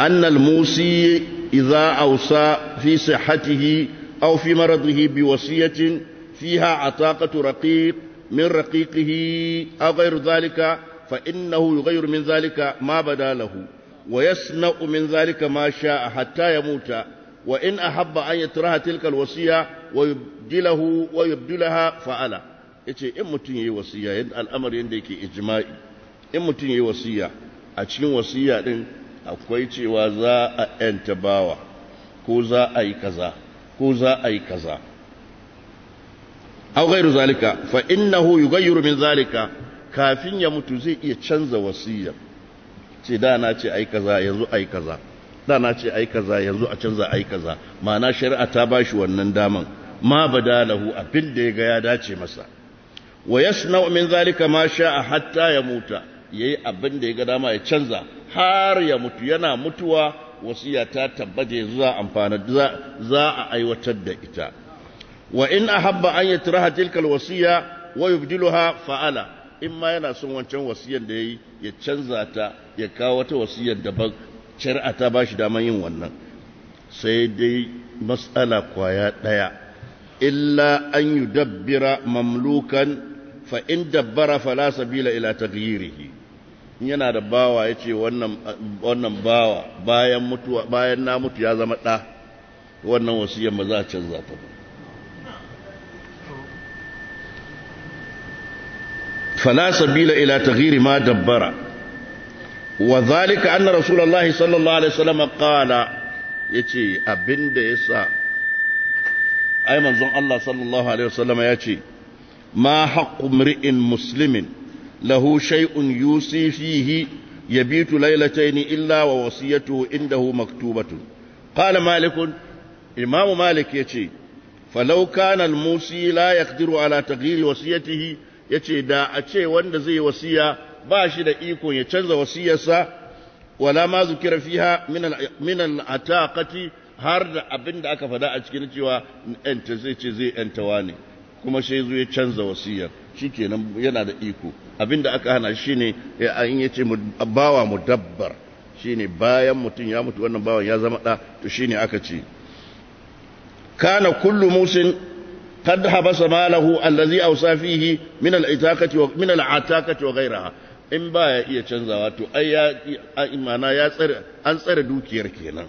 Speaker 1: أن الموسي إذا أوصى في صحته أو في مرضه بوصية فيها عتاقة رقيق من رقيقه أو غير ذلك فإنه يغير من ذلك ما بدا له ويصنع من ذلك ما شاء حتى يموت Wa in وإن أحب أن يترها تلك الوصية ويبدله ويبدلها فعلا yace in mutum yayi wasiya yadda al'amarin da yake ijma'i in mutum yayi wasiya a cikin wasiya din akwai cewa za a yanta bawa ko za a yi kaza ko za a yi kaza aw ghairu zalika fa innahu yughayyiru min zalika kafin ya mutu zai iya canza wasiya ce da na ce ai kaza yanzu ai kaza da na ce ai kaza yanzu a canza ai kaza ma'ana shari'a ta bashi wannan daman ma badalahu abin da yaga ya dace masa wa yasna'u min zalika ma sha'a hatta ya muta yayi abin da ga dama ya canza har ya mutu yana mutuwa wasiya ta tabbata yanzu za amfana za a aiwatar da ita wa in ahabba an yatraha tilka alwasiya wa yubdiluha fa'ala in ma yana son wancan wasiyar da yayi ya canza ta ya kawo wata wasiyar daban shari'a ta ba shi daman yin wannan sai dai matsala kwaya ɗaya illa an yi dabbira mamlukan fa'in dabbara Falasa, Bila, ila taghyirihi yana da bawa ya ce wannan bawa bayan mutuwa bayan na mutu ya zama ɗa wannan wasu yamma za a canza ta ba Falasa, Bila, ila taghyiri ma dabbara Wazalika zalika anna rasulullahi sallallahu alaihi wasallam qala yace abinda yasa ai manzon Allah sallallahu alaihi wasallam yace ma haqqu mri'in muslimin lahu shay'un yusi fihi yabitu laylatayn illa wa wasiyatuhu indahu maktubatun qala malik imam malik yace falau kana al-musi la yaqdiru ala taghyir wasiyatihi yace da a ce wanda zai wasiya ba shi da iko ya canza wasiyarsa wala ma zukira fiha min al-ataqati har da abin da aka fada a cikin cewa enta zai ce zai entawa wani. kuma sai zo ya canza wasiyar shikenan yana da iko abin da aka hana shi ne in yace bawa mudabbar shine bayan mutum ya mutu wannan bawan ya zama da to shine aka ce kana kullu musin قد malahu, ماله الذي أوصى فيه min al ataqati wa ghayraha in ba ya iya canzawa to ai ya imana ya tsare an tsare dukiyar kenan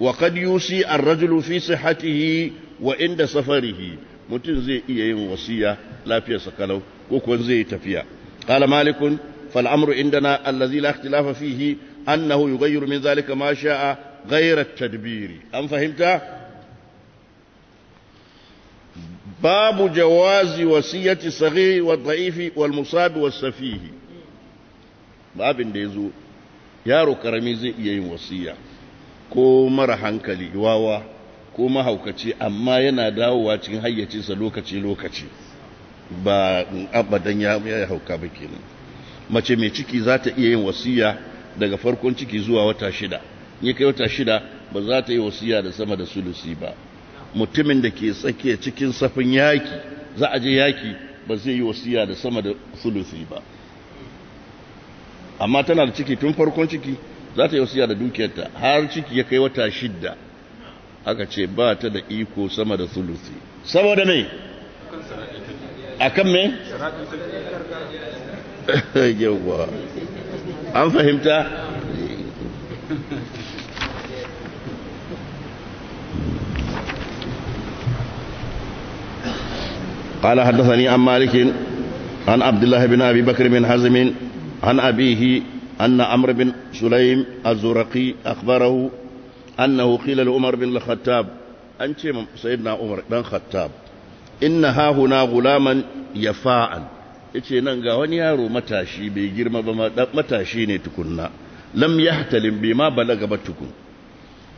Speaker 1: wa qad yusi ar-rajulu fi sihhatihi wa inda safarihi mutun zai iya yin wasiya lafiyar sa kalau ko kuwa zai tafiya qala malikun fal amru indana allazi la ikhtilafa fihi annahu yughayyiru min zalika ma sha'a ghayra at-tadbiri an fahimta باب جواز وصية الصغير والضعيف والمصاب والسفيه babin da ya zo yaro karami zai iya yin wasiya ko mara hankali wawa ko mahaukaci amma yana dawowa cikin hayyacinsa lokaci-lokaci ba abadan ya hauka ba kenan mace mai ciki za ta iya yin wasiya daga farkon ciki zuwa wata shida ya kai wata shida ba za ta yi wasiya da sama da sulusi ba mutumin da ke tsakiya cikin safin yaki za a je yaki ba zai yi wasiya da sama da sulusi ba amma tana da ciki tun farkon ciki za ta yi wasiya da dukiyarta har ciki ya kai wata shidda aka ce ba ta da iko sama da sulusi saboda me akan me yawa an fahimta قال حدثني عن مالك عن عبد الله بن ابي بكر بن حزم عن أبيه أن عمرو بن سليم الزرقي أخبره أنه قيل لعمر بن الخطاب أنت سيدنا عمر بن الخطاب إن ها هنا غلاما يفاء yace nan ga wani yaro matashi bai girma ba matashi ne tukunna lam yahtalim bai ma balaga ba tukun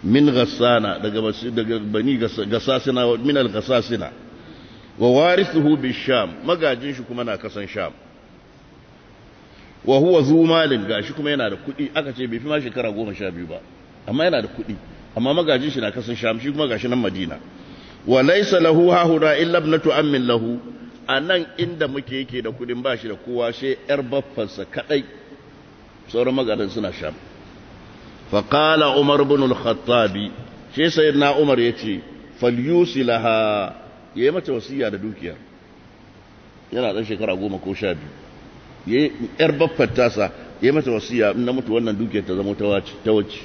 Speaker 1: min ghassana daga daga bani gasasina min al-ghasasina wa warithuhu bisham magajin shi kuma na kasan sham wa huwa zu malin gashi kuma yana da kuɗi aka ce bai fi ma shekara goma sha biyu ba amma yana da kuɗi amma magajin shi na kasan sham shi kuma gashi nan madina wa laysa lahu hahuna illa ibnatu ammin lahu a nan inda muke yake da kuɗin ba shi da kowa sai yar baffansa kadai sauran magadan suna sham fa qala umar ibn al-khattab shi sayyidina umar yace falyusilaha yayi mata wasiya da dukiyar. yana dan shekara goma ko sha biyu yar babbar tasa ya mata wasiya in na mutu wannan dukiyar ta zama ta wace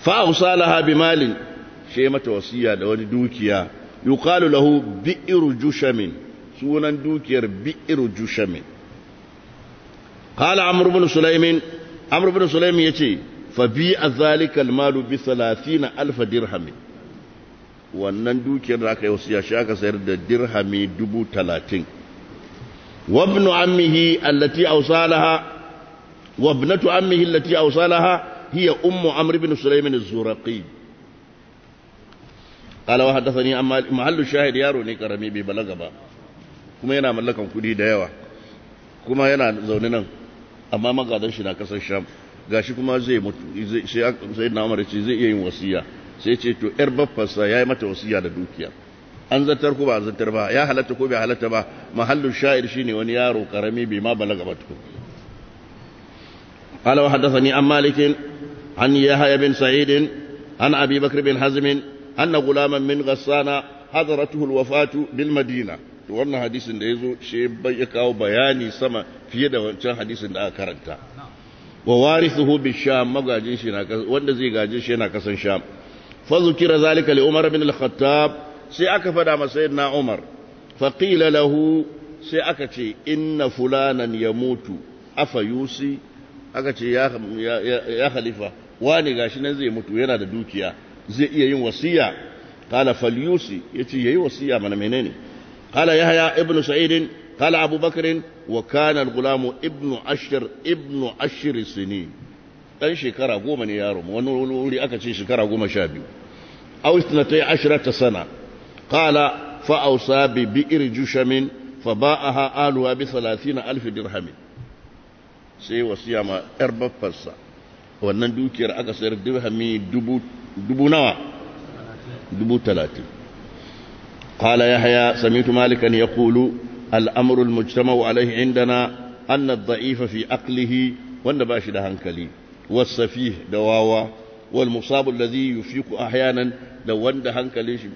Speaker 1: fa usalaha bi malin shi mata wasiya da wani dukiya yuqalu lahu bi'ru jushamin sunan dukiyar bi'ru jushamin qala amr ibn sulaimin amr ibn sulaimin yace fa bi zalika malu bi 30000 dirham wannan dukiyar da aka yi wasiya shi aka sayar da dirhami dubu talatin. وابن عمه التي أوصالها وابنة عمه التي أوصالها هي أم عمرو بن سليم الزرقي قال da yawa kuma yana zaune nan amma magadan shi na kasar Sham gashi kuma zai na Umar zai iya yin wasiya sai ce to yar baffarsa yi mata wasiya da dukiya an zartar ko ba an zartar ba ya halatta ko bai halatta ba mahallin sha'ir shine wani yaro karami bai ma balaga ba tukun قال وحدثني عن مالك عن يحيى بن سعيد عن أبي بكر بن حزم أن غلاما من غسان حضرته الوفاة بالمدينة wannan hadisin da ya zo shi ya kawo bayani sama fiye da wancan hadisin da aka karanta wa warithuhu bi sham magajin shi na wanda zai gaje shi yana kasan sham fa zukira zalika li umar bin al-khattab sai aka fada masa na Umar faqila lahu sai aka ce inna fulanan ya mutu afa yusi aka ce ya, halifa khalifa wani gashi nan zai mutu yana da dukiya zai iya yin wasiya ya ce ya yayi wasiya mana menene qala yahya ibnu sa'id قال أبو بكر وكان الغلام ابن عشر ابن عشر ɗan shekara goma ne yaron wani wuri aka ce shekara goma sha biyu a wasu na ta yi ashirar ta sana قال فأوصى ببئر جشم فباعها آلها بثلاثين ألف درهم sai wasiya ma ‘yar baffarsa wannan dukiyar aka sayar dirhami dubu nawa dubu talatin ƙala ya haya samitu malikan ya kulu al'amurul mujtamau alaihi indana annad da'ifa fi aklihi wanda ba shi da hankali wasafi da wawa والمصاب الذي يشرك أحيانا da wanda hankalin shi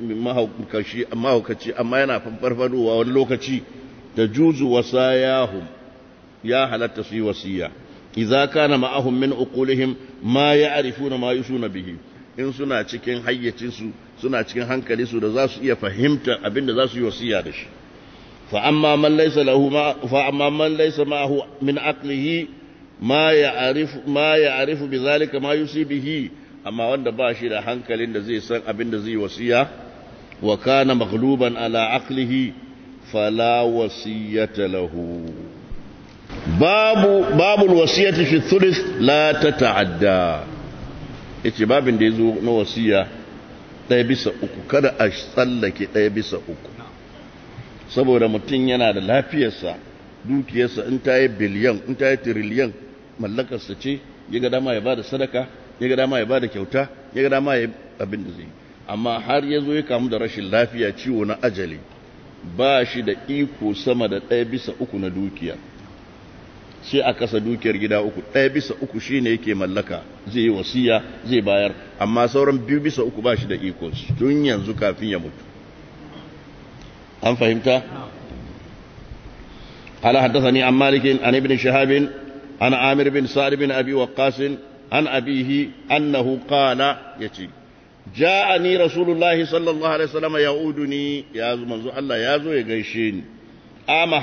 Speaker 1: mahaukaci amma yana farfadowa wani lokaci da juzu wasayahum ya halatta su yi wasiya idza kana ma'ahum min uqulihim ma ya'rifuna ma yusuna bihi in suna cikin hayyacin su suna cikin hankali su da za su iya fahimta abinda za su yi wasiya da shi fa amma man laysa lahu ma fa amma man laysa ma'ahu min aqlihi ma ya'rifu ma ya'rifu bi dhalika ma yusi amma wanda ba shi da hankalin da zai san abin da zai wasiya wa kana maghluban ala aqlihi fala wasiyata lahu babu babul wasiyati fi thuluth la tata'adda yace babin da yazo na wasiya ɗaya bisa uku kada a tsallake ɗaya bisa uku saboda mutum yana da lafiyarsa dukiyarsa in ta yi biliyan in ta yi tiriliyan mallakarsa ce ya ga dama ya ba da sadaka ya ga dama ya da kyauta ya ga dama ya abin da zai amma har ya zo ya kamu da rashin lafiya ciwo na ajali ba shi da iko sama da ɗaya bisa uku na dukiya sai a kasa dukiyar gida uku ɗaya bisa uku shine yake mallaka zai yi wasiya zai bayar amma sauran biyu bisa uku ba shi da iko tun yanzu kafin ya mutu an fahimta قال حدثني عن مالك عن ابن شهاب عن عامر بن سعد بن ابي وقاص an abihi annahu qala yace ja'ani rasulullahi sallallahu alaihi wasallam yauduni ya manzo Allah ya zo ya gaishe ni ama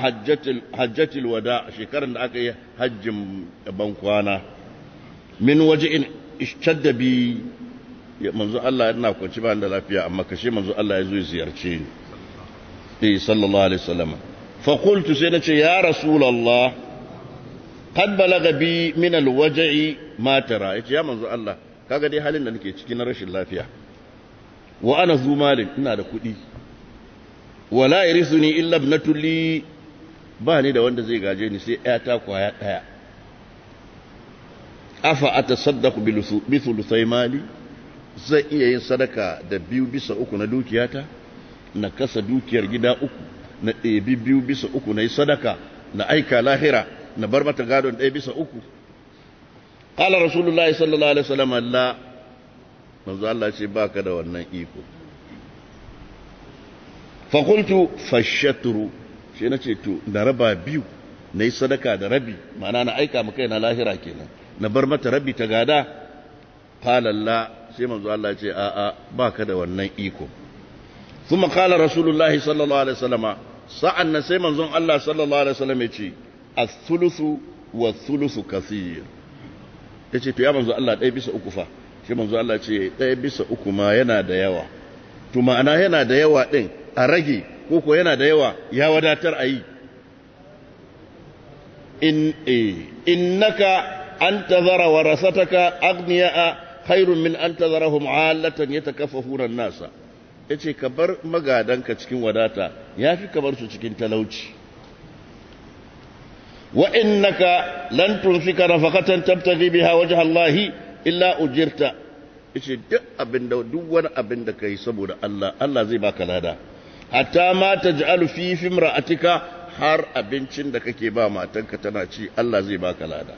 Speaker 1: hajjatul wada shekarar da aka yi hajjin ban kwana min waj'in ishtadda bi manzo Allah yana kwanci ba da lafiya amma kashe manzo Allah ya zo ya ziyarce ni eh sallallahu alaihi wasallam fa qultu sai ya rasulullah qad balaga bi min alwaj'i ma tara yace ya manzo Allah kaga dai halin da nake ciki na rashin lafiya wa ana zu malin ina da kuɗi Wala la yarisuni illa ibnatu li ba ni da wanda zai gaje ni sai ta kwaya ɗaya afa atasaddaqu bi thuluthai mali zai iya yin sadaka da biyu bisa uku na dukiyata na kasa dukiyar gida uku na ɗebi biyu bisa uku na yi sadaka na aika lahira na bar mata gadon ɗaya bisa uku qala rasulullahi sallallahu alaihi wasallam Allah manzo Allah ce baka da wannan iko fa qultu fashatru shi nace to da raba biyu nayi sadaka da rabi ma'ana na aika maka na lahira kenan na bar mata rabi ta gada qala Allah sai manzo Allah ce a a baka da wannan iko kuma qala rasulullahi sallallahu alaihi wasallam sa'an nan sai manzon Allah sallallahu alaihi wasallam ya ce as-sulusu wa sulusu kasir yace to ya manzo Allah ɗaya bisa uku fa shi manzo Allah ce ɗaya bisa uku ma yana da yawa to ma'ana yana da yawa din a rage ko ko yana da yawa ya wadatar a yi in e innaka an warasataka aghniya khairun min an alatan yatakaffafuna an-nasa yace ka bar magadanka cikin wadata yafi ka bar su cikin talauci innaka lan tunfika نفقة tabtaghi biha وجه Allah illa ujirta ishi duk abin da duk wani abin da kai saboda Allah Allah zai baka lada hatta ma taj'alu fi fimra'atika har abincin da kake ba matanka tana ci Allah zai baka lada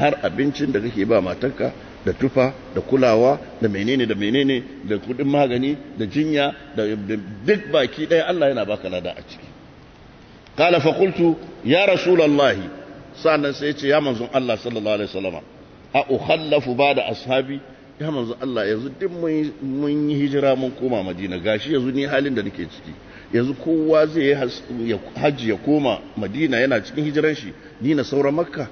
Speaker 1: har abincin da kake ba matanka da tufa da kulawa da menene da menene da kudin magani da jinya da duk baki ɗaya Allah yana baka lada a ciki قال فقلت يا رسول الله سألنا سيتي يا منزل الله صلى الله عليه وسلم أخلف بعد أصحابي ya manzo Allah yanzu duk mun yi hijira mun koma Madina gashi yanzu ni halin da nake ciki yanzu kowa zai yi hajji ya koma Madina yana cikin hijiran shi ni na saura Makka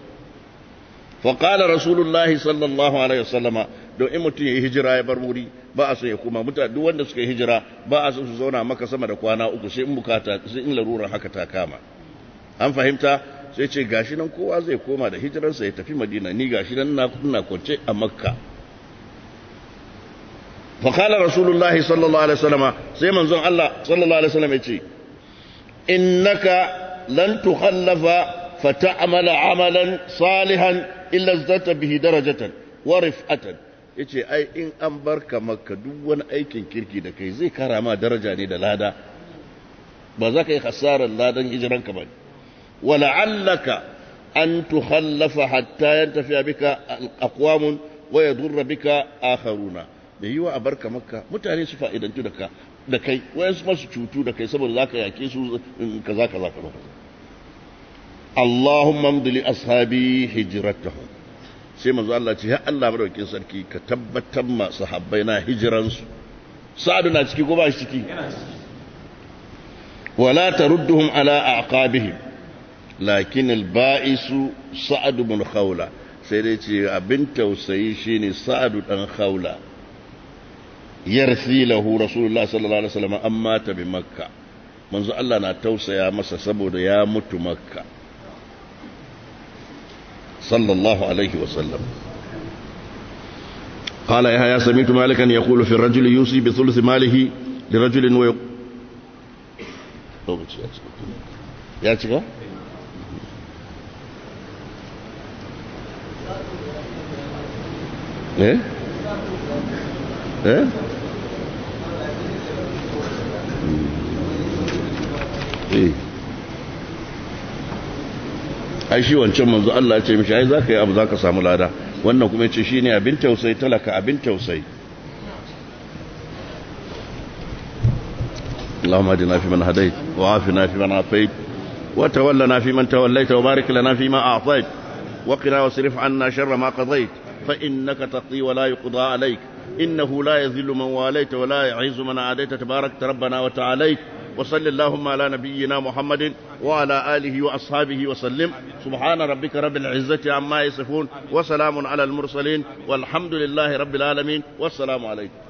Speaker 1: fa qala rasulullahi sallallahu alaihi don in mutum ya yi hijira ya bar wuri ba a so ya koma mutane duk wanda suka yi hijira ba a so su zauna maka sama da kwana uku sai in bukata sai in haka ta kama an fahimta sai ce gashi nan kowa zai koma da hijirarsa ya tafi madina ni gashi nan na kuna kwance a makka فقال رسول الله صلى الله عليه وسلم سيما زن الله صلى الله عليه وسلم يتي إنك لن تخلف فتعمل عملا صالحا إلا ازدت به درجة ورفعة ya ce ai in an bar ka maka duk wani aikin kirki da kai zai kara ma daraja ne da lada ba za ka yi hasarar ladan hijiranka ba wala'allaka an tuhallafa hatta yan tafiya bika akwamun wa ya durra bika akharuna da yiwa a barka maka mutane su fa'idantu da ka da kai wayansu masu cutu da kai saboda za ka yake su kaza kaza kaza Allahumma amdili ashabi hijratahum sai manzo Allah ce har Allah madaukakin sarki ka tabbatar ma sahabbai na hijiransu sa'adu na ciki ko ba shi ciki wala tarudduhum ala aqabihim lakin alba'isu sa'ad bin khawla sai dai ce abin tausayi shine sa'adu dan khawla yarsi lahu rasulullah sallallahu alaihi wasallam amma ta bi makka manzo Allah na tausaya masa saboda ya mutu makka صلى الله عليه وسلم قال إيه يا سمعت مالكا يقول في الرجل يوصي بثلث ماله لرجل ويقول يا cika? ايه ايه, إيه. ai shi wancan manzo Allah ya ce mishi ai zaka yi abu zaka samu lada wannan kuma yace shine abin tausayi talaka abin tausayi اللهم اهدنا فيمن هديت وعافنا فيمن عافيت وتولنا فيمن توليت وبارك لنا فيما اعطيت وقنا واصرف عنا شر ما قضيت فانك تقضي ولا يقضى عليك انه لا يذل من واليت ولا يعز من عاديت تبارك ربنا وتعاليت وصل اللهم على نبينا محمد وعلى آله وأصحابه وسلم سبحان ربك رب العزة عما يصفون وسلام على المرسلين والحمد لله رب العالمين والسلام عليكم